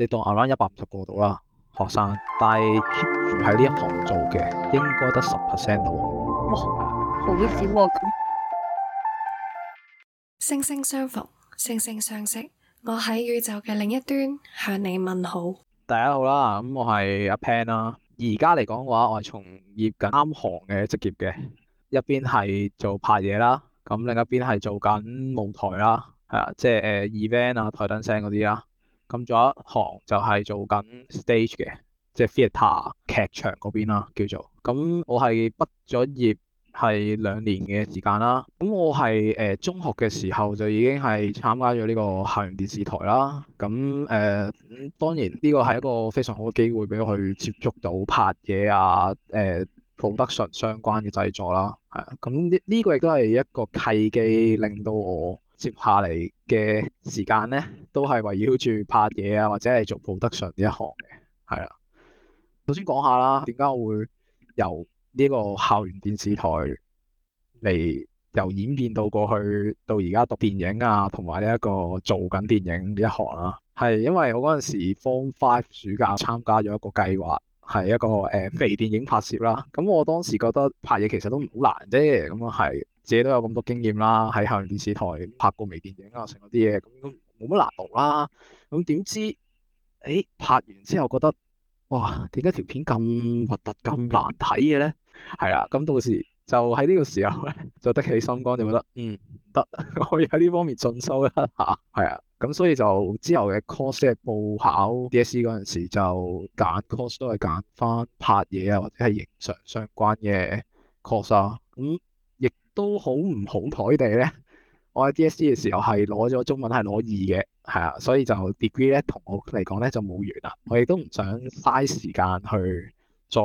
你當 around 一百五十個度啦，學生，但係 keep 住喺呢一行做嘅，應該得十 percent 到。哇，好少啊！星星相逢，星星相惜，我喺宇宙嘅另一端向你問第一好。大家好啦，咁我係阿 Pan 啦。而家嚟講嘅話，我係從業緊啱行嘅職業嘅，一邊係做拍嘢啦，咁另一邊係做緊舞台啦，係啊，即係誒、呃、event 啊，台燈聲嗰啲啦。咁仲有一行就係、是、做緊 stage 嘅，即係 theatre 劇場嗰邊啦，叫做。咁、嗯、我係畢咗業係兩年嘅時間啦。咁、嗯、我係誒、呃、中學嘅時候就已經係參加咗呢個校園電視台啦。咁、嗯、誒、呃、當然呢個係一個非常好嘅機會俾我去接觸到拍嘢啊，production 相關嘅製作啦，係、嗯、啊。咁、這、呢個亦都係一個契機令到我。接下嚟嘅時間咧，都係圍繞住拍嘢啊，或者係做 production 呢一行嘅，係啦。首先講下啦，點解我會由呢個校園電視台嚟由演變到過去到而家讀電影啊，同埋呢一個做緊電影呢一行啦、啊。係因為我嗰陣時 form five 暑假參加咗一個計劃，係一個誒、呃、微電影拍攝啦。咁我當時覺得拍嘢其實都唔好難啫，咁啊係。自己都有咁多經驗啦，喺校園電視台拍過微電影啊，成嗰啲嘢，咁都冇乜難度啦。咁、嗯、點知，誒拍完之後覺得，哇，點解條片咁核突、咁難睇嘅咧？係啊，咁到時就喺呢個時候咧，就得起心肝，就覺得，嗯，得，可以喺呢方面進修一下。係啊，咁所以就之後嘅 course 報考 DSE 嗰陣時，就揀 course 都係揀翻拍嘢啊，或者係影像相關嘅 course 啊，咁、嗯。都好唔好彩地咧，我喺 DSE 嘅時候係攞咗中文係攞二嘅，係啊，所以就 degree 咧同我嚟講咧就冇完啦，我亦都唔想嘥時間去再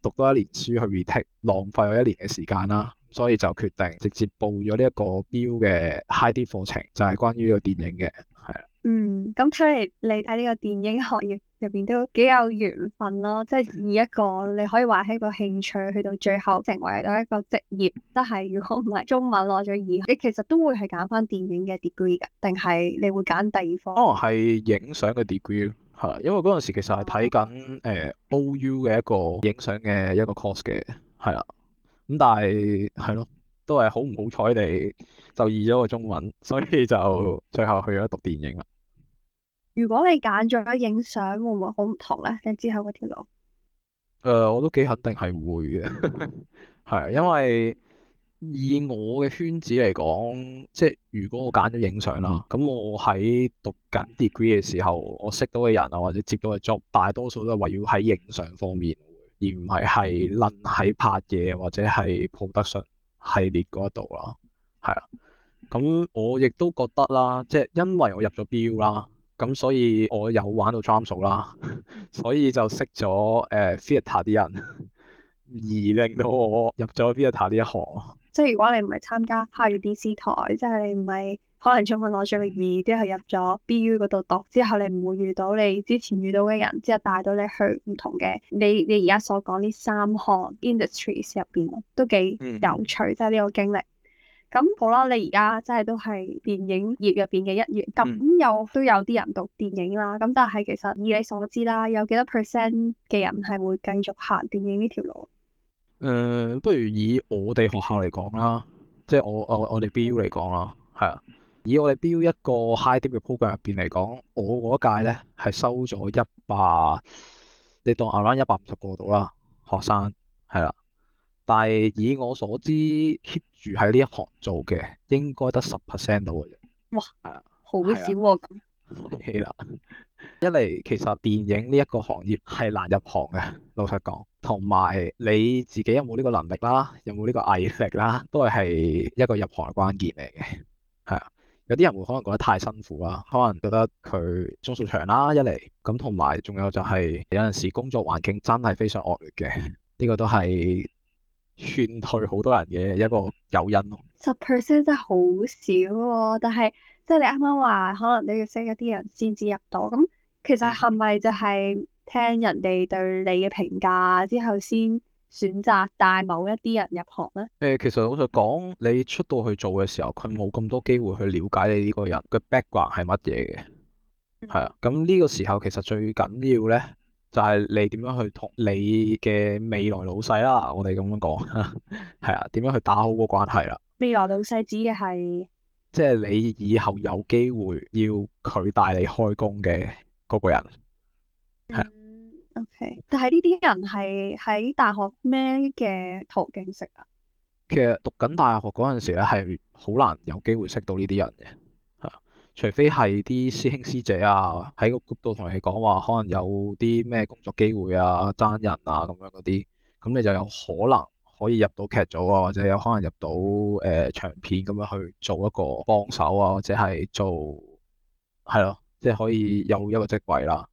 讀多一年書去 retake，浪費我一年嘅時間啦，所以就決定直接報咗呢一個標嘅 high D 課程，就係關於呢個電影嘅，係啊。嗯，咁睇嚟你喺呢個電影行業入邊都幾有緣分咯，即係以一個你可以話係一個興趣去到最後成為咗一個職業。但係如果唔係中文，攞咗以後，你其實都會係揀翻電影嘅 degree 噶，定係你會揀第二科？哦？可能係影相嘅 degree，係因為嗰陣時其實係睇緊誒 O U 嘅一個影相嘅一個 course 嘅係啦，咁、嗯、但係係咯，都係好唔好彩地就二咗個中文，所以就最後去咗讀電影啦。如果你揀咗影相，會唔會好唔同咧？你之後嗰條路誒、呃，我都幾肯定係會嘅，係 因為以我嘅圈子嚟講，即係如果我揀咗影相啦，咁、嗯、我喺讀緊 degree 嘅時候，嗯、我識到嘅人啊，或者接到嘅 job，大多數都係圍繞喺影相方面，而唔係係拎喺拍嘢或者係 post production 系列嗰度啦。係啦，咁我亦都覺得啦，即係因為我入咗 B.U. 啦。咁所以我有玩到 drama 組啦， 所以就識咗誒 theatre 啲人， 而令到我入咗 theatre 呢一行。即係、嗯、 如果你唔係參加下月 D.C 台，即、就、係、是、你唔係可能充分攞咗二，之後入咗 BU 嗰度讀，之後你唔會遇到你之前遇到嘅人，之後帶到你去唔同嘅你你而家所講呢三項 industries 入邊都幾有趣，即係呢個經歷。咁好啦，你而家真係都係電影業入邊嘅一員，咁有都有啲人讀電影啦。咁但係其實以你所知啦，有幾多 percent 嘅人係會繼續行電影呢條路？誒，不如以我哋學校嚟講啦，即係我誒我哋 BU 嚟講啦，係啊，以我哋 BU 一個 high dip 嘅 program 入邊嚟講，我嗰屆咧係收咗一百，你當 around 一百五十個度啦，學生係啦。但係以我所知，keep 住喺呢一行做嘅，應該得十 percent 到嘅人。哇，好少喎咁。O.K. 啦、啊 啊，一嚟其實電影呢一個行業係難入行嘅，老實講，同埋你自己有冇呢個能力啦，有冇呢個毅力啦，都係一個入行嘅關鍵嚟嘅。係啊，有啲人會可能覺得太辛苦啦，可能覺得佢工數長啦，一嚟咁同埋仲有就係、是、有陣時工作環境真係非常惡劣嘅，呢、嗯、個都係。勸退好多人嘅一個誘因咯，十 percent 真係好少喎、哦，但係即係你啱啱話，可能你要識一啲人先至入到，咁其實係咪就係聽人哋對你嘅評價之後先選擇帶某一啲人入行咧？誒、欸，其實老實講，你出到去做嘅時候，佢冇咁多機會去了解你呢個人嘅 background 係乜嘢嘅，係啊，咁呢、嗯、個時候其實最緊要咧。就係你點樣去同你嘅未來老細啦，我哋咁樣講，係 啊，點樣去打好個關係啦？未來老細指嘅係，即係你以後有機會要佢帶你開工嘅嗰個人。嗯，啊，OK。但係呢啲人係喺大學咩嘅途徑識啊？其實讀緊大學嗰陣時咧，係好難有機會識到呢啲人嘅。除非係啲師兄師姐啊，喺個 group 度同你講話，可能有啲咩工作機會啊、爭人啊咁樣嗰啲，咁你就有可能可以入到劇組啊，或者有可能入到誒、呃、長片咁樣去做一個幫手啊，或者係做係咯，即係、啊就是、可以有一個職位啦。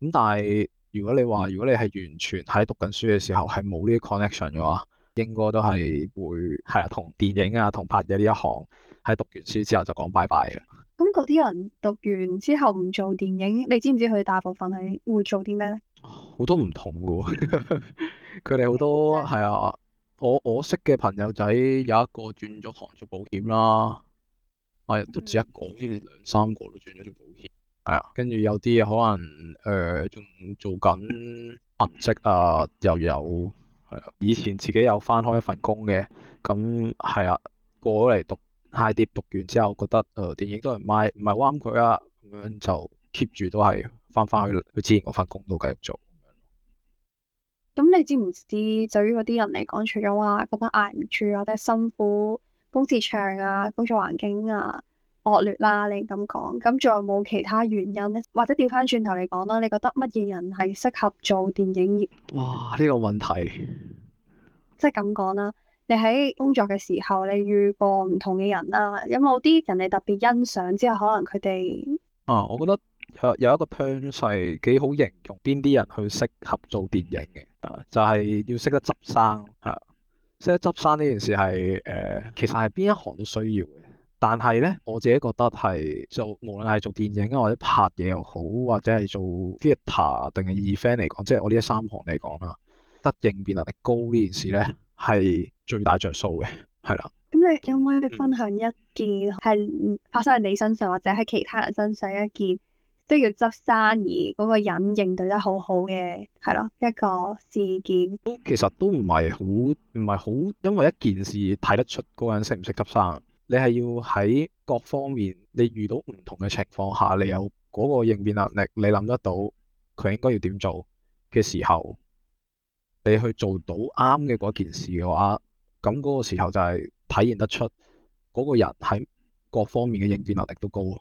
咁但係如果你話如果你係完全喺讀緊書嘅時候係冇呢啲 connection 嘅話，應該都係會係啊，同電影啊，同拍嘢呢一行喺讀完書之後就講拜拜嘅。咁嗰啲人讀完之後唔做電影，你知唔知佢大部分係會做啲咩咧？好多唔同嘅喎， 佢哋好多係啊！我我識嘅朋友仔有一個轉咗行做保險啦，係都只一個先、嗯、兩三個都轉咗做保險，係啊。跟住有啲可能誒仲、呃、做緊文職啊，又有係啊。以前自己有返開一份工嘅，咁係啊過咗嚟讀。high 碟，讀完之後，覺得誒，電影都係買唔係啱佢啊，咁 樣就 keep 住都係翻翻去去之前份工都繼續做。咁你知唔知對於嗰啲人嚟講，除咗話覺得捱唔住啊，或者辛苦、工時長啊、工作環境啊惡劣啦、啊，你咁講，咁仲有冇其他原因咧？或者掉返轉頭嚟講啦，你覺得乜嘢人係適合做電影業？哇，呢、呢個問題，即係咁講啦。 你喺工作嘅時候，你遇過唔同嘅人啦、啊，有冇啲人你特別欣賞之後，可能佢哋？啊，我覺得有一個 plan 係幾好，形容邊啲人去適合做電影嘅，就係要識得執生，啊，識、就是、得執生呢件事係誒、呃，其實係邊一行都需要嘅。但係咧，我自己覺得係做無論係做電影啊，或者拍嘢又好，或者係做 theater 定係 event 嚟講，即、就、係、是、我呢一三行嚟講啊，得應變能力高呢件事咧。係最大着數嘅，係啦。咁你有冇分享一件係發生喺你身上或者喺其他人身上一件都要執生而嗰個人應對得好好嘅，係咯一個事件？都其實都唔係好唔係好，因為一件事睇得出嗰人識唔識執生。你係要喺各方面，你遇到唔同嘅情況下，你有嗰個應變能力，你諗得到佢應該要點做嘅時候你去做到啱嘅嗰件事嘅話，咁嗰個時候就係體現得出嗰個人喺各方面嘅應變能力都高咯，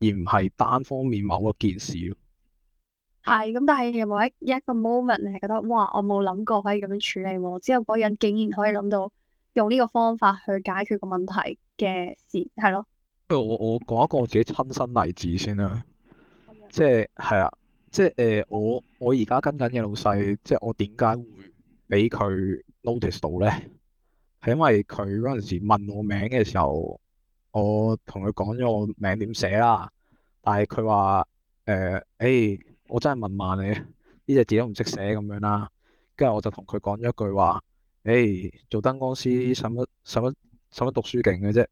而唔係單方面某一件事咯。係，咁但係有冇一一個 moment 你係覺得哇，我冇諗過可以咁樣處理喎，之後嗰人竟然可以諗到用呢個方法去解決個問題嘅事，係咯？誒，我我講一個我自己親身例子先啦， 即係，係啊。即係誒、呃，我我而家跟緊嘅老細，即係我點解會俾佢 notice 到咧？係因為佢嗰陣時問我名嘅時候，我同佢講咗我名點寫啦。但係佢話誒誒，我真係問慢你呢隻字都唔識寫咁樣啦、啊。跟住我就同佢講咗一句話：誒、欸，做燈光師使乜使乜使乜讀書勁嘅啫，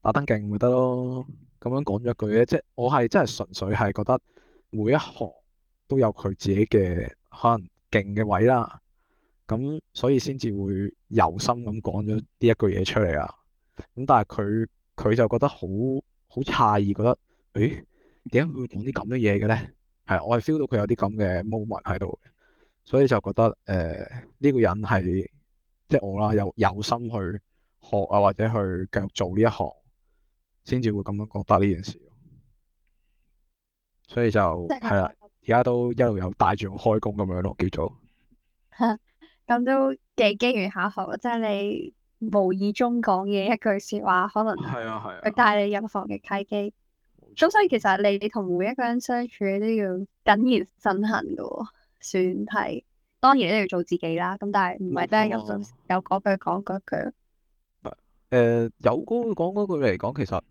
打燈勁咪得咯。咁樣講咗一句咧，即係我係真係純粹係覺得每一行。都有佢自己嘅可能勁嘅位啦，咁所以先至會有心咁講咗呢一句嘢出嚟啊！咁但係佢佢就覺得好好詫異，覺得誒點解佢會講啲咁嘅嘢嘅咧？係，我係 feel 到佢有啲咁嘅 moment 喺度，所以就覺得誒呢個人係即係我啦，有有心去學啊，或者去繼續做呢一行，先至會咁樣覺得呢件事。所以就係啦。而家都一路有帶住我開工咁樣咯，叫做咁 都幾機緣巧合，即係你無意中講嘅一句説話，可能係啊係啊，佢帶你入行嘅契機。咁所以其實你哋同每一個人相處，都要謹言慎行嘅喎。算係當然都要做自己啦，咁但係唔係真係有有講句講句。唔、嗯啊呃、有嗰句講句嚟講，其實誒。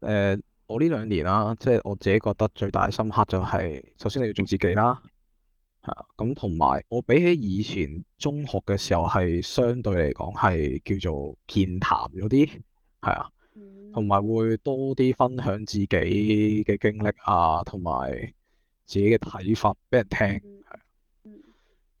呃我呢兩年啦、啊，即係我自己覺得最大深刻就係、是，首先你要做自己啦，係啊，咁同埋我比起以前中學嘅時候，係相對嚟講係叫做健談咗啲，係啊，同埋會多啲分享自己嘅經歷啊，同埋自己嘅睇法俾人聽，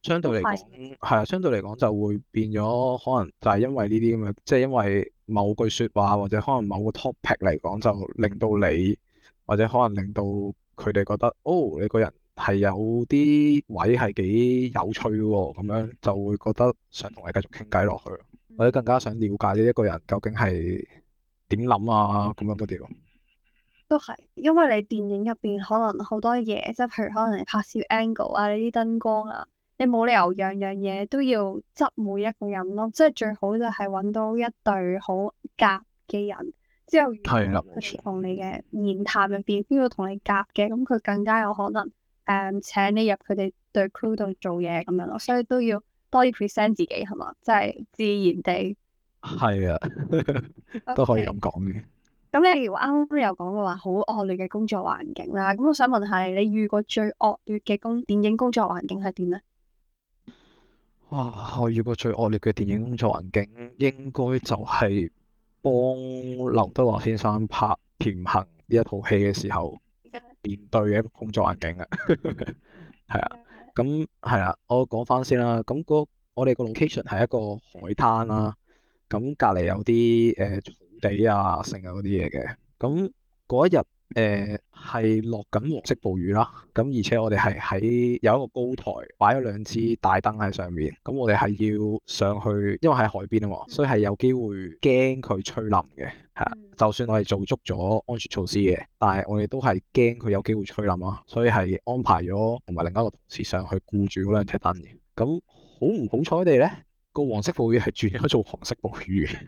係相對嚟講係啊，相對嚟講、啊、就會變咗，可能就係因為呢啲咁樣，即、就、係、是、因為。某句説話或者可能某個 topic 嚟講，就令到你或者可能令到佢哋覺得哦，你個人係有啲位係幾有趣喎，咁樣就會覺得想同你繼續傾偈落去，或者更加想了解呢一個人究竟係點諗啊咁樣嗰啲咯。都係，因為你電影入邊可能好多嘢，即係譬如可能你拍攝 angle 啊，呢啲燈光啊。你冇理由樣樣嘢都要執每一個人咯，即係最好就係揾到一對好夾嘅人，之後同你嘅言談入邊都要同你夾嘅，咁佢更加有可能誒、呃、請你入佢哋對 crew 度做嘢咁樣咯，所以都要多啲 present 自己係嘛，即係自然地係是啊，都 可以咁講嘅。咁、okay。你如啱啱又講話好惡劣嘅工作環境啦，咁我想問下你遇過最惡劣嘅工電影工作環境係點咧？哇！我遇過最惡劣嘅電影工作環境，應該就係幫劉德華先生拍《田行》呢一套戲嘅時候面對嘅一個工作環境嘅。係 啊，咁係啊，我講翻先啦。咁、那個、我哋個 location 係一個海灘啦、啊，咁隔籬有啲誒、呃、草地啊，剩啊嗰啲嘢嘅。咁嗰一日。誒，係落緊黃色暴雨啦，咁而且我哋係喺有一個高台擺咗兩支大燈喺上面，咁我哋係要上去，因為喺海邊啊嘛，所以係有機會驚佢吹冧嘅，係，就算我哋做足咗安全措施嘅，但係我哋都係驚佢有機會吹冧咯，所以係安排咗同埋另一個同事上去顧住嗰兩支燈嘅，咁好唔好彩地咧，個黃色暴雨係轉咗做紅色暴雨嘅，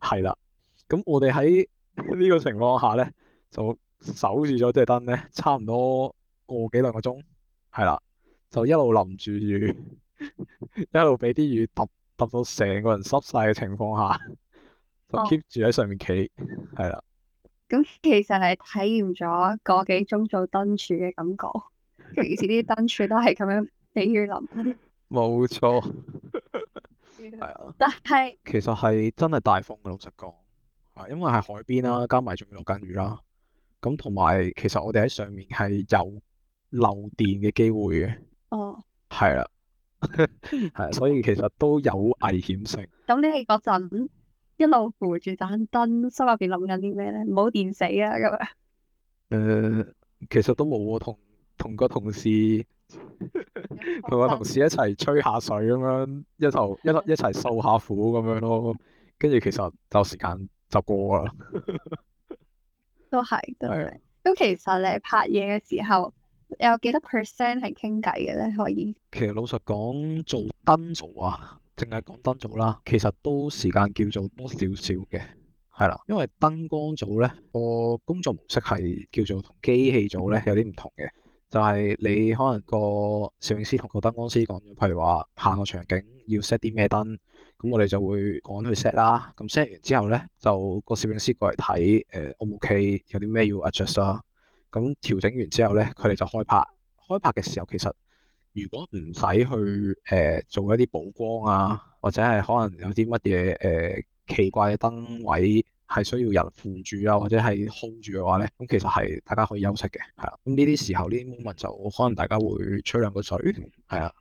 係啦 Okay. 咁我哋喺。呢個情況下咧，就守住咗隻燈咧，差唔多個幾兩個鐘，係啦，就一路淋住雨， 一路俾啲雨揼揼到成個人濕晒嘅情況下，就 keep 住喺上面企，係啦。咁其實係體驗咗個幾鐘做燈柱嘅感覺，平時啲燈柱都係咁樣俾雨淋。冇 沒錯，係 啊的，但係其實係真係大風嘅，老實講。啊，因為係海邊啦，加埋仲要落緊雨啦，咁同埋其實我哋喺上面係有漏電嘅機會嘅。哦、oh. 是的，係啦，係，所以其實都有危險性。咁你嗰陣一路扶住盞燈，心入邊諗緊啲咩咧？唔好電死啊！咁樣誒，其實都冇啊，同同個同事同個 同事一齊吹下水咁樣，一頭一一齊受下苦咁樣咯。跟住其實就時間。就過啦 ，都係，都係。咁其實你拍嘢嘅時候，有幾多 percent 係傾偈嘅咧？可以。其實老實講，做燈組啊，淨係講燈組啦，啊，其實都時間叫做多少少嘅，係啦。因為燈光組咧個工作模式係叫做同機器組咧有啲唔同嘅，就係、是、你可能個攝影師同個燈光師講咗，譬如話下個場景要 set 啲咩燈。咁我哋就會趕去 set 啦。咁 set 完之後咧，就個攝影師過嚟睇誒，OK 有啲咩要 adjust 啦、啊。咁調整完之後咧，佢哋就開拍。開拍嘅時候，其實如果唔使去誒、呃、做一啲補光啊，或者係可能有啲乜嘢誒奇怪嘅燈位係需要人扶住啊，或者係 hold 住嘅話咧，咁其實係大家可以休息嘅。係啊，咁呢啲時候呢啲 moment 就可能大家會吹兩個水。係啊。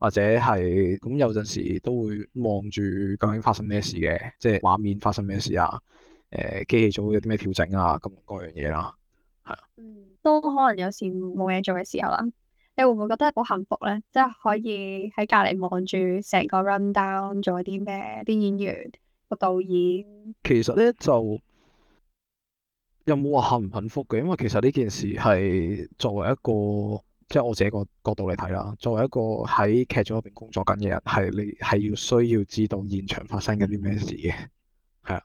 或者係咁有陣時都會望住究竟發生咩事嘅，即係畫面發生咩事啊？誒、呃，機器組有啲咩調整啊？咁各樣嘢啦，啊，係啊、嗯，都可能有時冇嘢做嘅時候啦，你會唔會覺得好幸福咧？即係可以喺隔籬望住成個 run down 做啲咩啲演員、個導演。其實咧就又冇話幸唔幸福嘅，因為其實呢件事係作為一個。即係我自己個角度嚟睇啦，作為一個喺劇組入邊工作緊嘅人，係你係要需要知道現場發生緊啲咩事嘅，係 啊，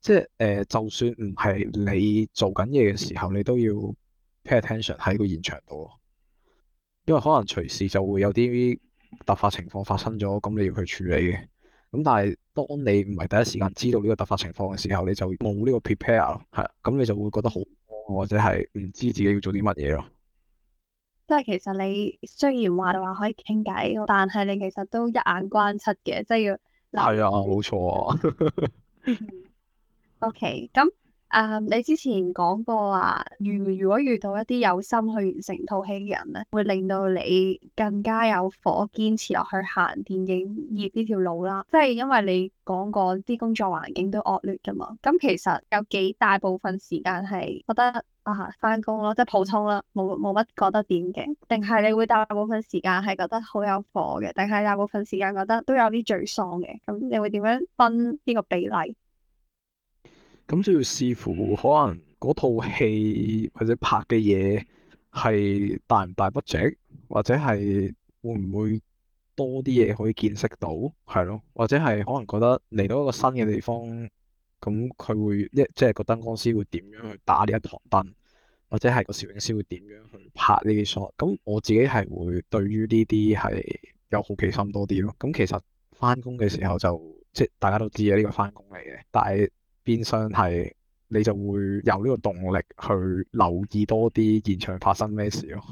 即係誒、呃，就算唔係你做緊嘢嘅時候，你都要 pay attention 喺個現場度，因為可能隨時就會有啲突發情況發生咗，咁你要去處理嘅。咁但係當你唔係第一時間知道呢個突發情況嘅時候，你就冇呢個 prepare，係啊，咁你就會覺得好，或者係唔知自己要做啲乜嘢咯。即係其實你雖然話話可以傾偈，但係你其實都一眼關七嘅，即係要係啊，冇錯啊。OK，咁啊，um, 你之前講過話，如如果遇到一啲有心去完成套戲嘅人咧，會令到你更加有火堅持落去行電影業呢條路啦。即係因為你講過啲工作環境都惡劣噶嘛，咁其實有幾大部分時間係覺得。啊，翻工咯，即係普通啦，冇冇乜覺得點嘅？定係你會大部分時間係覺得好有火嘅？定係大部分時間覺得都有啲沮喪嘅？咁你會點樣分呢個比例？咁就要視乎可能嗰套戲或者拍嘅嘢係大唔大 budget，或者係會唔會多啲嘢可以見識到，係咯？或者係可能覺得嚟到一個新嘅地方。咁佢會一即係個燈光師會點樣去打呢一堂燈，或者係個攝影師會點樣去拍呢啲 shot。咁我自己係會對於呢啲係有好奇心多啲咯。咁其實返工嘅時候就即係大家都知嘅呢個返工嚟嘅，但係變相係你就會有呢個動力去留意多啲現場發生咩事咯。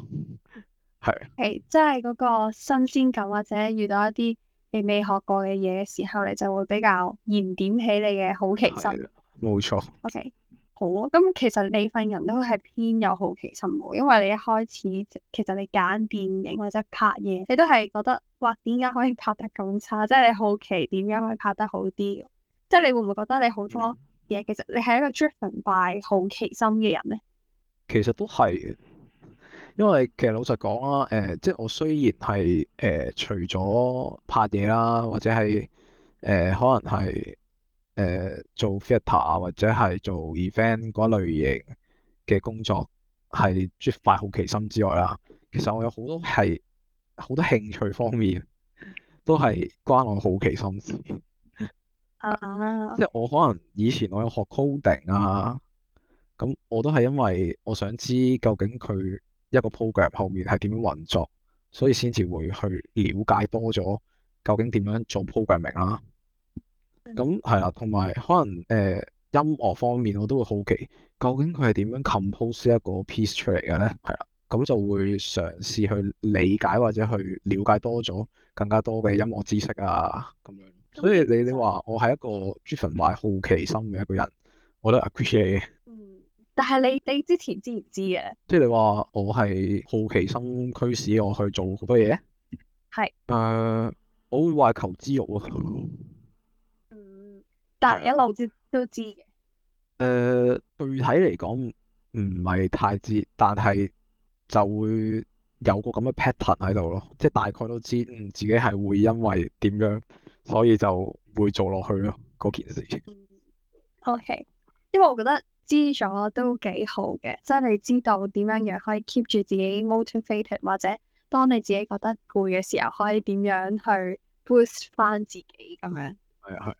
係係即係嗰個新鮮感或者遇到一啲，你未學過嘅嘢嘅時候，你就會比較燃點起你嘅好奇心。冇錯。OK，好啊。咁其實你份人都係偏有好奇心，因為你一開始其實你揀電影或者拍嘢，你都係覺得，哇，點解可以拍得咁差？即係你好奇點樣可以拍得好啲？即係你會唔會覺得你好多嘢，其實你係一個 driven by 好奇心嘅人咧？其實都係。因為其實老實講啦，誒、呃，即係我雖然係誒、呃，除咗拍嘢啦，或者係誒，可能係誒做 fitter 或者係做 event 嗰類型嘅工作，係專發好奇心之外啦，其實我有好多係好多興趣方面都係關我好奇心事，啊、 uh-huh. 即係我可能以前我有學 coding 啊，咁我都係因為我想知究竟佢一個 program ma，後面係點樣運作，所以先至會去了解多咗究竟點樣做 programming 啦。咁係啦，同埋可能誒、呃、音樂方面，我都會好奇究竟佢係點樣 compose 一個 piece 出嚟嘅咧。係啦，咁就會嘗試去理解或者去了解多咗更加多嘅音樂知識啊。咁樣，所以你你話我係一個 super 埋、like、好奇心嘅一個人，我都 agree 嘅。但係你你之前知唔知嘅？即係你話我係好奇心驅使我去做好多嘢，係，誒，uh, 我會話求知欲咯。嗯，但係一路都知嘅。誒，uh，具體嚟講唔係太知，但係就會有個咁嘅 pattern 喺度咯，即係大概都知，嗯，自己係會因為點樣，所以就會做落去咯，嗰件事。嗯，okay，因為我覺得。知咗都幾好嘅，即係你知道點樣樣可以 keep 住自己 motivated，或者當你自己覺得攰嘅時候，可以點樣去 boost 翻自己咁樣。係啊係啊，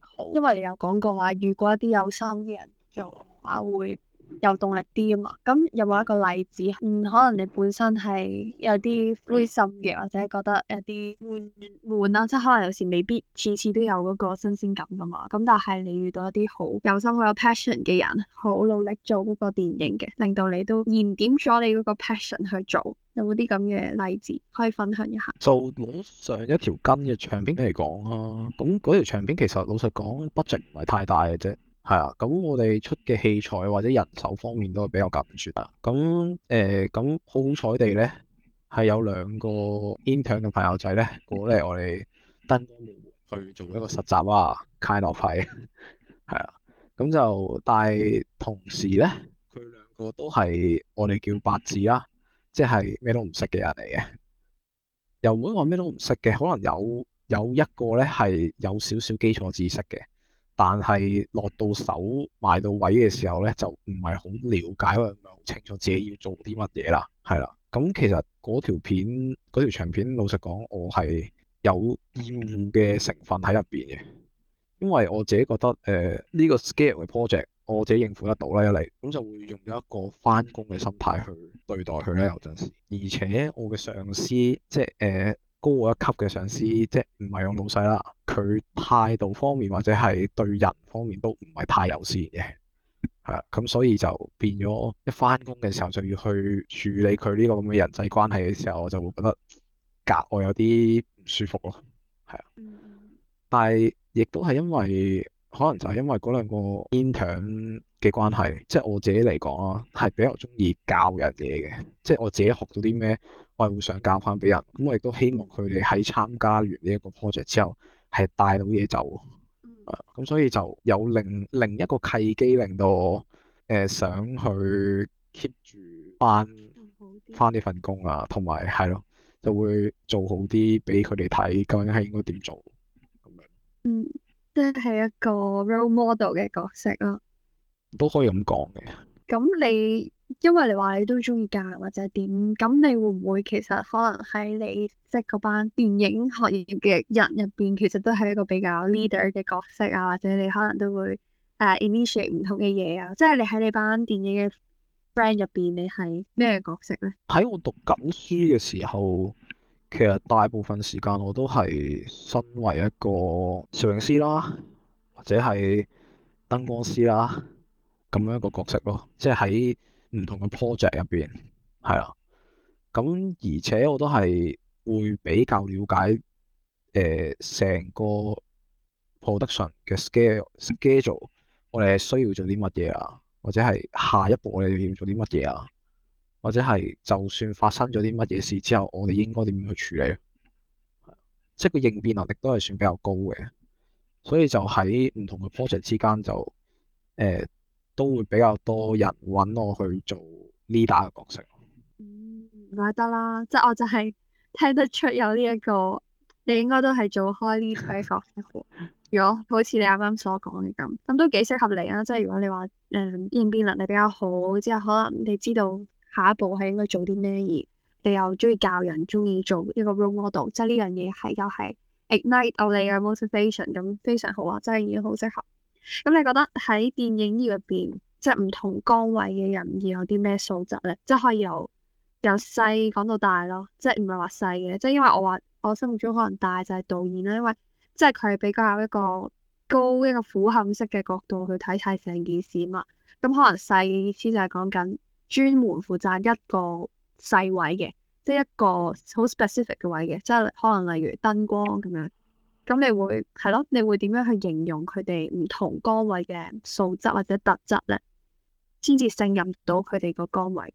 好。 因為你有講過話，如果一啲有心嘅人做嘅話，會。有動力啲啊嘛，咁有冇一個例子？嗯，可能你本身係有啲灰心嘅，或者覺得有啲悶悶啊，即係可能有時未必次次都有嗰個新鮮感噶嘛。咁但係你遇到一啲好有心、好有 passion 嘅人，好努力做嗰個電影嘅，令到你都燃點咗你嗰個 passion 去做。有冇啲咁嘅例子可以分享一下？就攞上一條筋嘅長片嚟講啊，咁嗰條長片其實老實講，budget 唔係太大嘅啫。係啊，咁我哋出嘅器材或者人手方面都係比較緊缺啊。咁誒，咁好彩地咧，係有兩個 intern 嘅朋友仔咧過嚟我哋蹲一年去做一個實習啊，Kind of 係啊。咁 kind of 就但係同時咧，佢兩個都係我哋叫八字啦、啊，即係咩都唔識嘅人嚟嘅。又唔會話咩都唔識嘅，可能有有一個咧係有少少基礎知識嘅。但係落到手賣到位嘅時候咧，就唔係好了解，或者唔係好清楚自己要做啲乜嘢啦，係啦。咁其實嗰條片嗰條長片，老實講，我係有厭惡嘅成分喺入邊嘅，因為我自己覺得，誒，呢個 scale 嘅 project，我自己應付得到啦，一嚟，咁就會用咗一個翻工嘅心態去對待佢咧，有陣時。而且我嘅上司，即係誒。呃高一級嘅上司，即係唔係用老細啦。佢態度方面或者係對人方面都唔係太友善嘅，係啊。咁所以就變咗一返工嘅時候就要去處理佢呢個咁嘅人際關係嘅時候，我就會覺得格外有啲唔舒服咯。係啊，但係亦都係因為可能就係因為嗰兩個 intern 嘅關係，即係我自己嚟講啊，係比較中意教人嘢嘅，即係我自己學到啲咩。我係會想教翻俾人，咁我亦都希望佢哋喺參加完呢一個 project 之後，係帶到嘢走，咁、嗯啊、所以就有另另一個契機令到我誒、呃、想去 keep 住翻翻呢份工啊，同埋係咯，就會做好啲俾佢哋睇究竟係應該點做，咁樣，嗯，即係一個 role model 嘅角色咯，都可以咁講嘅，咁你？因為你話你都中意教或者點咁，你會唔會其實可能喺你即係嗰班電影行業嘅人入邊，其實都係一個比較 leader 嘅角色啊？或者你可能都會誒、uh, initiate 唔同嘅嘢啊。即係你喺你班電影嘅 friend 入邊，你係咩角色咧？喺我讀緊書嘅時候，其實大部分時間我都係身為一個攝影師啦，或者係燈光師啦，咁樣一個角色咯。即係喺唔同嘅 project 入邊，係咯咁，而且我都係會比較了解誒成、呃、個 production 嘅 schedule s c h l e，我哋需要做啲乜嘢啊，或者係下一步我哋要做啲乜嘢啊，或者係就算發生咗啲乜嘢事之後，我哋應該點樣去處理？即係個應變能力都係算比較高嘅，所以就喺唔同嘅 project 之間就誒。呃都會比較多人揾我去做 leader 嘅角色。嗯，唔怪得啦，即係我就係聽得出有呢、這、一個，你應該都係做開呢批角色， 如果好似你啱啱所講嘅咁，咁都幾適合你啊。即係如果你話，誒、嗯、應變能力比較好，即係可能你知道下一步係應該做啲咩嘢，你又中意教人，中意做呢個 role model，即係呢樣嘢係又係 ignite 到你嘅 motivation，咁非常好啊，真係好適合。咁、嗯、你覺得喺電影業入邊，即係唔同崗位嘅人要有啲咩素質咧？即係可以由由細講到大咯，即係唔係話細嘅，即係因為我話我心目中可能大就係導演啦，因為即係佢係比較有一個高一個俯瞰式嘅角度去睇晒成件事嘛。咁、嗯嗯、可能細意思就係講緊專門負責一個細位嘅，即係一個好 specific 嘅位嘅，即係可能例如燈光咁樣。咁你會係咯？你會點樣去形容佢哋唔同崗位嘅素質或者特質咧？先至勝任到佢哋個崗位。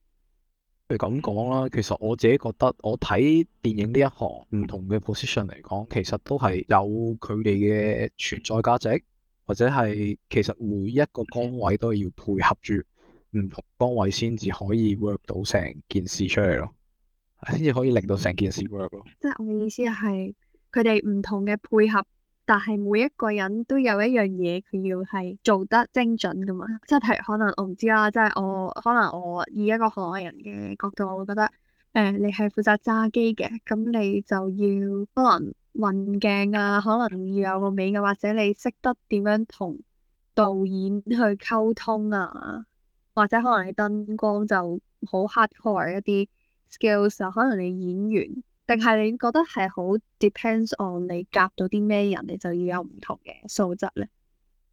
你咁講啦，其實我自己覺得，我睇電影呢一行唔同嘅 position 嚟講，其實都係有佢哋嘅存在價值，或者係其實每一個崗位都要配合住唔同崗位先至可以 work 到成件事出嚟咯，先至可以令到成件事 work 咯。即係 我嘅意思係。佢哋唔同嘅配合，但係每一個人都有一樣嘢佢要係做得精準噶嘛。即係可能我唔知啦，即係我可能我以一個行外人嘅角度，我會覺得，誒、呃，你係負責揸機嘅，咁你就要可能運鏡啊，可能要有個名嘅，或者你識得點樣同導演去溝通啊，或者可能你燈光就好 hardcore 一啲 skills，、啊、可能你演員。定係你覺得係好 depends on 你夾到啲咩人，你就要有唔同嘅素質咧。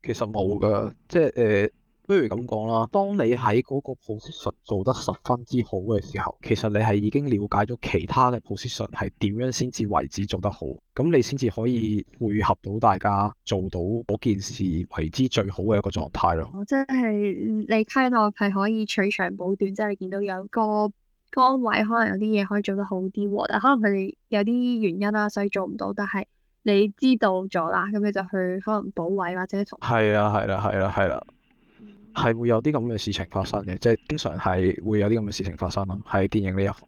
其實冇㗎，即係誒、呃，不如咁講啦。當你喺嗰個 position 做得十分之好嘅時候，其實你係已經了解咗其他嘅 position 係點樣先至為之做得好，咁你先至可以配合到大家做到嗰件事為之最好嘅一個狀態咯、哦。即係你聽落係可以取長補短，即係見到有個崗位可能有啲嘢可以做得好啲，但可能佢哋有啲原因啦，所以做唔到。但係你知道咗啦，咁你就去可能補位或者係啊，係啦、啊，係啦、啊，係啦、啊，係會有啲咁嘅事情發生嘅，即係經常係會有啲咁嘅事情發生咯。喺電影呢一行，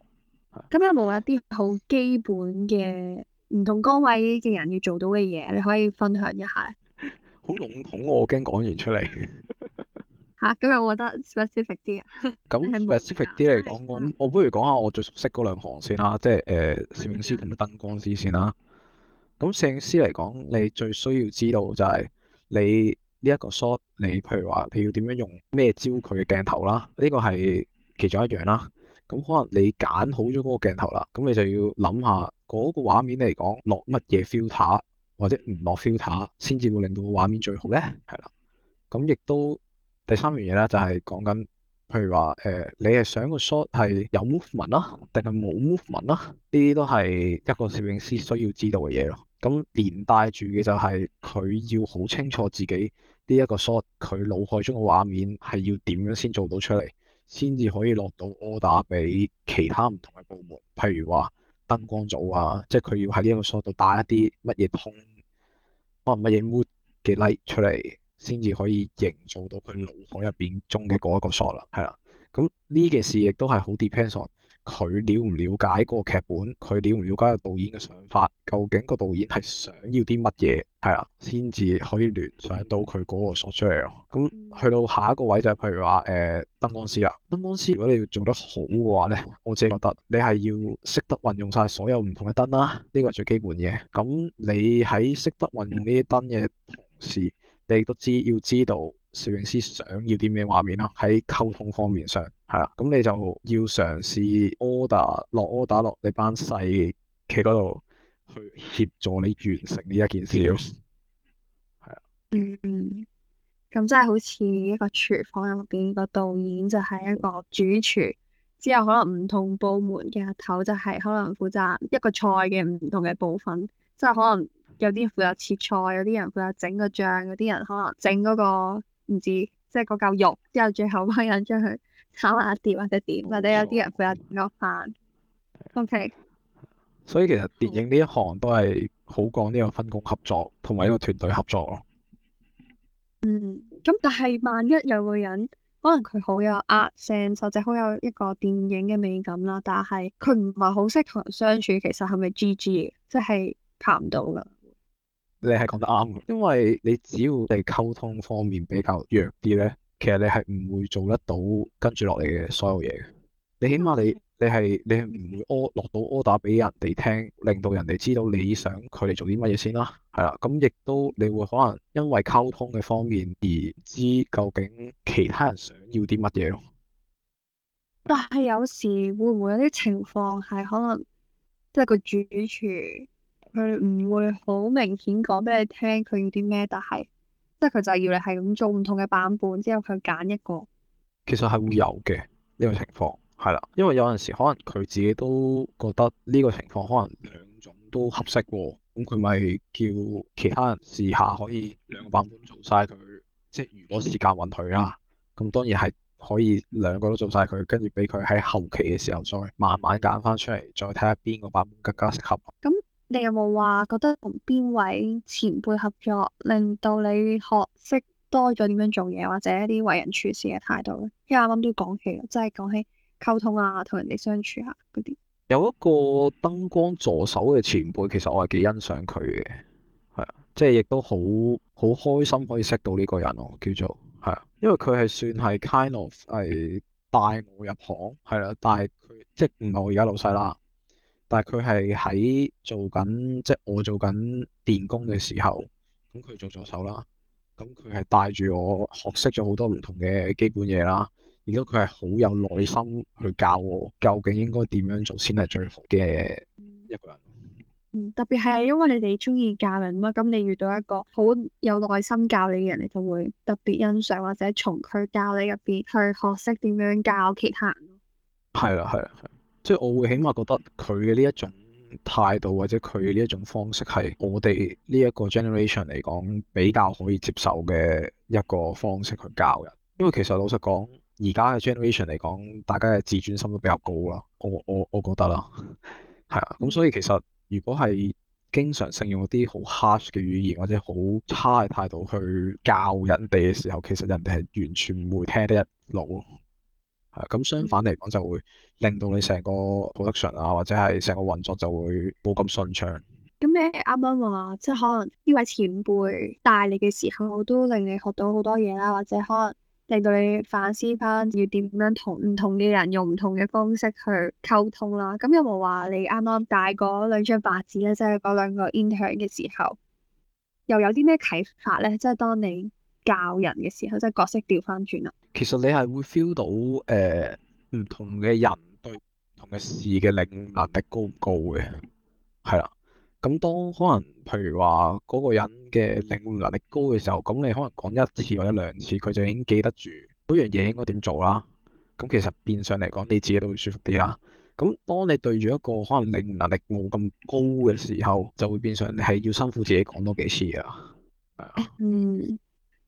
咁有冇一啲好基本嘅唔同崗位嘅人要做到嘅嘢，你可以分享一下？好籠統，我驚講完出嚟。 吓，咁樣、啊、我覺得 specific 啲 啊。咁 specific 啲嚟講，我 我不如講下我最熟悉嗰兩行先啦，即係誒，攝、呃、影師同埋燈光師先啦。咁攝影師嚟講，你最需要知道就係、是、你呢一個 shot，你譬如話你要點樣用咩焦距嘅鏡頭啦，呢個係其中一樣啦。咁可能你揀好咗嗰個鏡頭啦，咁你就要諗下嗰個畫面嚟講，落乜嘢 filter 或者唔落 filter，先至會令到個畫面最好咧。係啦，咁亦都。第三樣嘢咧，就係講緊，譬如話，誒、呃，你係想個 shot 係有 movement 啊，定係冇 movement 啊？呢啲都係一個攝影師需要知道嘅嘢咯。咁連帶住嘅就係、是、佢要好清楚自己呢一個 shot，佢腦海中嘅畫面係要點樣先做到出嚟，先至可以落到 order 俾其他唔同嘅部門。譬如話燈光組啊，即係佢要喺呢一個 shot 度打一啲乜嘢通啊，乜嘢 move 嘅 light 出嚟。先至可以營造到佢腦海入邊中嘅嗰一個 shot 啦，係啦。咁呢件事亦都係好 depends on 佢了唔了解個劇本，佢了唔了解個導演嘅想法，究竟個導演係想要啲乜嘢，係啦，先至可以聯想到佢嗰個 shot 出嚟咯。咁去到下一個位就係譬如話誒、呃、燈光師啦，燈光師如果你要做得好嘅話咧，我自己覺得你係要識得運用晒所有唔同嘅燈啦、啊，呢個係最基本嘅。咁你喺識得運用呢啲燈嘅同時，你都知，要知道攝影師想要啲咩畫面啦，喺溝通方面上係啊，咁你就要嘗試 order 落 order 落你班細企嗰度去協助你完成呢一件事，係啊。嗯，咁即係好似一個廚房入邊個導演就係一個主廚，之後可能唔同部門嘅頭就係可能負責一個菜嘅唔同嘅部分，即係可能。有啲人負責切菜，有啲人負責整個醬，有啲人可能整嗰、那個唔知，即係嗰嚿肉，之後最後班人將佢炒埋一碟或者點，嗯、或者有啲人負責煮個飯。OK，所以其實電影呢一行都係好講呢個分工合作同埋呢個團隊合作咯。嗯，咁但係萬一有個人可能佢好有 art sense，或者好有一個電影嘅美感啦，但係佢唔係好識同人相處，其實係咪 G G 嘅，即係拍唔到㗎。你係講得啱，因為你只要你溝通方面比較弱啲咧，其實你係唔會做得到跟住落嚟嘅所有嘢。你起碼你你係你係唔會屙落到 order 畀人哋聽，令到人哋知道你想佢哋做啲乜嘢先啦。係啦，咁亦都你會可能因為溝通嘅方面而知究竟其他人想要啲乜嘢咯。但係有時會唔會有啲情況係可能即係個主廚？佢唔會好明顯講俾你聽佢要啲咩，但係即係佢就要你係咁做唔同嘅版本，之後佢揀一個。其實係會有嘅，呢、呢個情況係啦，因為有陣時可能佢自己都覺得呢個情況可能兩種都合適喎，咁佢咪叫其他人試下可以兩個版本做晒佢，即係如果時間允許啦、啊、咁、嗯、當然係可以兩個都做晒佢，跟住俾佢喺後期嘅時候再慢慢揀翻出嚟，再睇下邊個版本更加適合咁。嗯你有冇話覺得同邊位前輩合作，令到你學識多咗點樣做嘢，或者一啲為人處事嘅態度咧？因為啱啱都講起，即係講起溝通啊，同人哋相處啊嗰啲。有一個燈光助手嘅前輩，其實我係幾欣賞佢嘅，係啊，即係亦都好好開心可以識到呢個人哦，叫做係啊，因為佢係算係 kind of 係帶我入行，係啦，但係佢即係唔係我而家老細啦。但係佢係喺做緊，即係我做緊電工嘅時候，咁佢做助手啦。咁佢係帶住我學識咗好多唔同嘅基本嘢啦。如果佢係好有耐心去教我，究竟應該點樣做先係最好嘅一個人。嗯，特別係因為你哋中意教人嘛，咁你遇到一個好有耐心教你嘅人，你就會特別欣賞或者從佢教你入邊去學識點樣教其他人。係啦，係啦，即係我會起碼覺得佢嘅呢一種態度或者佢嘅呢一種方式係我哋呢一個 generation 嚟講比較可以接受嘅一個方式去教人，因為其實老實講，而家嘅 generation 嚟講，大家嘅自尊心都比較高啦。我我我覺得啦，係 啊，咁所以其實如果係經常性用啲好 hard 嘅語言或者好差嘅態度去教人哋嘅時候，其實人哋係完全唔會聽得入腦。咁相反嚟講就會令到你成個 production 啊，或者係成個運作就會冇咁順暢。咁你啱啱話，即係可能呢位前輩帶你嘅時候都令你學到好多嘢啦，或者可能令到你反思翻要點樣同唔同嘅人用唔同嘅方式去溝通啦。咁有冇話你啱啱帶嗰兩張白紙咧，即係嗰兩個 intern 嘅時候，又有啲咩啟發咧？即係當你教人嘅時候，即係角色調翻轉啦。其實你係會 feel 到誒，唔同嘅人對唔同嘅事嘅領悟能力高唔高嘅，係啦。咁當可能，譬如話嗰個人嘅領悟能力高嘅時候，咁你可能講一次或者兩次，佢就已經記得住嗰樣嘢應該點做啦。咁其實變相嚟講，你自己都會舒服啲啦。咁當你對住一個可能領悟能力冇咁高嘅時候，就會變相你係要辛苦自己講多幾次啊。嗯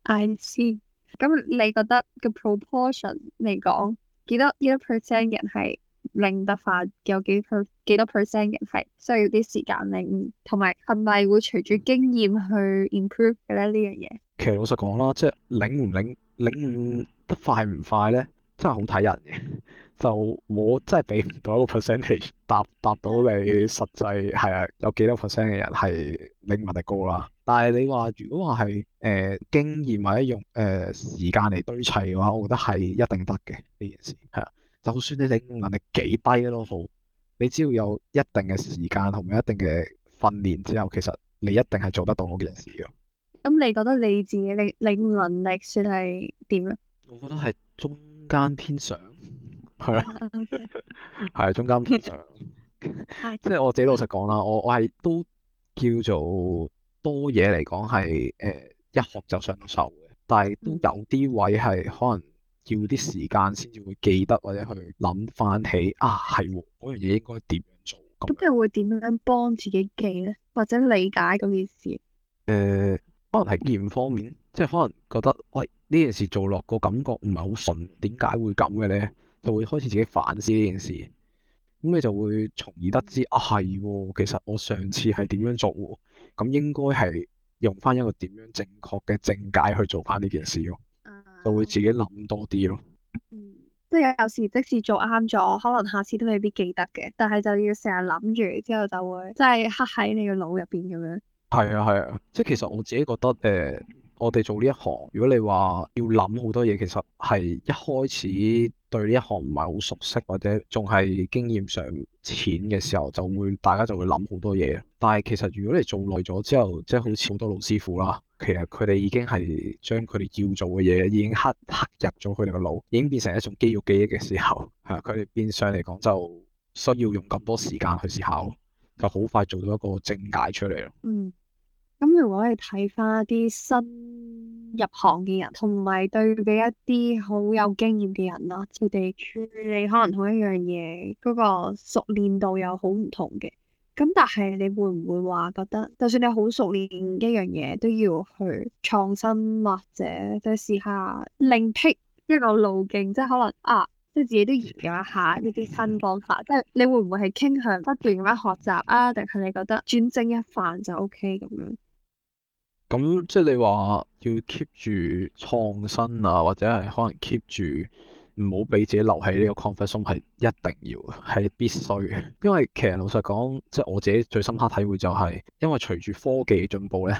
，I see。咁你覺得個 proportion 嚟講，幾多幾多 percent 人係領得快，有幾多 percent 人係需要啲時間領，同埋係咪會隨住經驗去 improve 嘅咧呢樣嘢？這個、其實老實講啦，即係領唔領，領得快唔快咧，真係好睇人嘅。就我真係俾唔到一個 percentage 答答到你實際係啊，有幾多 percent 嘅人係領悟能力高啦，但係你話如果話係誒經驗或者用誒、呃、時間嚟堆砌嘅話，我覺得係一定得嘅，呢件事係啊，就算你領悟能力幾低都好，你只要有一定嘅時間同埋一定嘅訓練之後，其實你一定係做得到嗰件事嘅。咁、嗯、你覺得你自己領領悟能力算係點咧？我覺得係中間偏上。係啦，係 中間唔上，即 係我自己老實講啦，我我係都叫做多嘢，嚟講係誒一學就上手嘅，但係都有啲位係可能要啲時間先至會記得或者去諗翻起啊，係嗰樣嘢應該點樣做咁？佢會點樣幫自己記咧，或者理解嗰件事？誒、呃，可能係經驗方面，即係可能覺得喂呢件事做落個感覺唔係好順，點解會咁嘅咧？就會開始自己反思呢件事，咁你就會從而得知、嗯、啊係，其實我上次係點樣做，咁應該係用翻一個點樣正確嘅正解去做翻呢件事咯，啊、就會自己諗多啲咯、嗯。即係有有時即使做啱咗，可能下次都未必記得嘅，但係就要成日諗住，之後就會即係刻喺你嘅腦入邊咁樣。係啊係啊，即係其實我自己覺得誒、呃，我哋做呢一行，如果你話要諗好多嘢，其實係一開始。對呢一行唔係好熟悉，或者仲係經驗上淺嘅時候，就會大家就會諗好多嘢。但係其實如果你做耐咗之後，即係好似好多老師傅啦，其實佢哋已經係將佢哋要做嘅嘢已經刻，刻入咗佢哋個腦，已經變成一種肌肉記憶嘅時候，係佢哋變相嚟講就需要用咁多時間去思考，就好快做到一個正解出嚟咯。嗯。咁如果你睇翻一啲新入行嘅人，同埋對比一啲好有經驗嘅人啦，佢哋處理可能同一樣嘢，嗰、那個熟練度又好唔同嘅。咁但係你會唔會話覺得，就算你好熟練一樣嘢，都要去創新或者再試下另闢一個路徑，即係可能啊，即係自己都研究一下呢啲新方法。即係你會唔會係傾向不斷咁學習啊？定係你覺得專精一番就 O K 咁樣？咁即係你話要 keep 住創新啊，或者係可能 keep 住唔好俾自己留喺呢個 comfort zone 係一定要係必須，因為其實老實講，即係我自己最深刻體會就係、是，因為隨住科技嘅進步咧，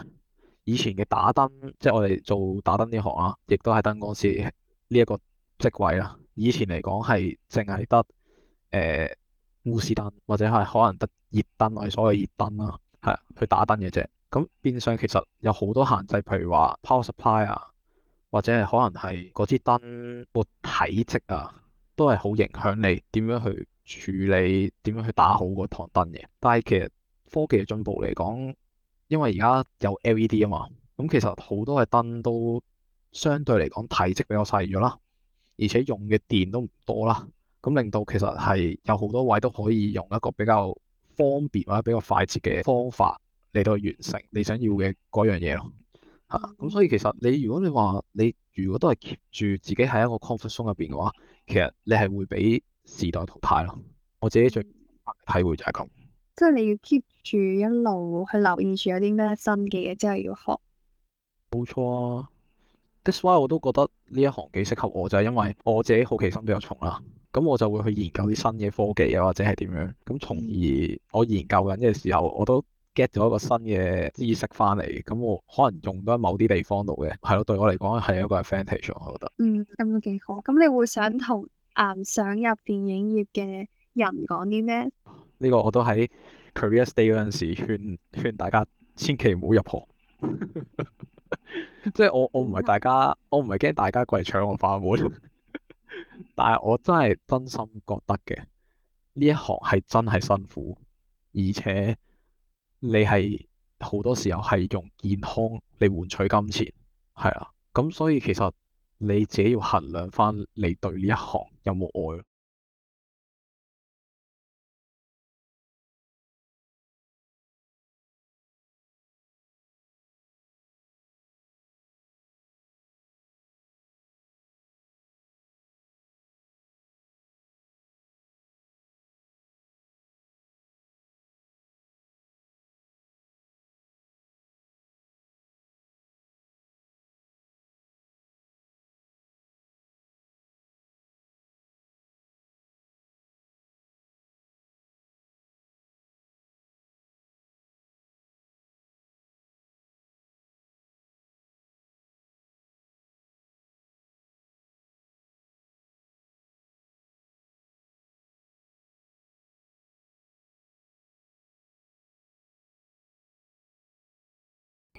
以前嘅打燈，即係我哋做打燈呢行啊，亦都係燈光師呢一個職位啦。以前嚟講係淨係得誒鎢絲燈，或者係可能得熱燈，我哋所謂熱燈啊，係去打燈嘅啫。咁變相其實有好多限制，譬如話 power supply 啊，或者係可能係嗰支燈個體積啊，都係好影響你點樣去處理，點樣去打好嗰堂燈嘅。但係其實科技嘅進步嚟講，因為而家有 LED 啊嘛，咁其實好多嘅燈都相對嚟講體積比較細咗啦，而且用嘅電都唔多啦，咁令到其實係有好多位都可以用一個比較方便或者比較快捷嘅方法。嚟到完成你想要嘅嗰樣嘢咯，吓、啊、咁所以其實你如果你話你如果都係 keep 住自己喺一個 comfort zone 入邊嘅話，其實你係會俾時代淘汰咯。我自己最體會就係咁、嗯，即係你要 keep 住一路去留意住有啲咩新嘅嘢，即係要學。冇錯啊，that's why 我都覺得呢一行幾適合我就係、是、因為我自己好奇心比較重啦、啊，咁我就會去研究啲新嘅科技啊或者係點樣，咁從而我研究緊嘅時候我都。get 咗一個新嘅知識翻嚟，咁我可能用到喺某啲地方度嘅，係咯，對我嚟講係一個係 advantage，我覺得。嗯，咁都幾好。咁你會想同誒想入電影業嘅人講啲咩？呢個我都喺 career day 嗰陣時勸勸大家千，千祈唔好入行。即係我我唔係大家，我唔係驚大家過嚟搶我飯碗， 但係我真係真心覺得嘅，呢一行係真係辛苦，而且。你係好多時候係用健康嚟換取金錢，係啊，咁所以其實你自己要衡量返你對呢一行有冇愛。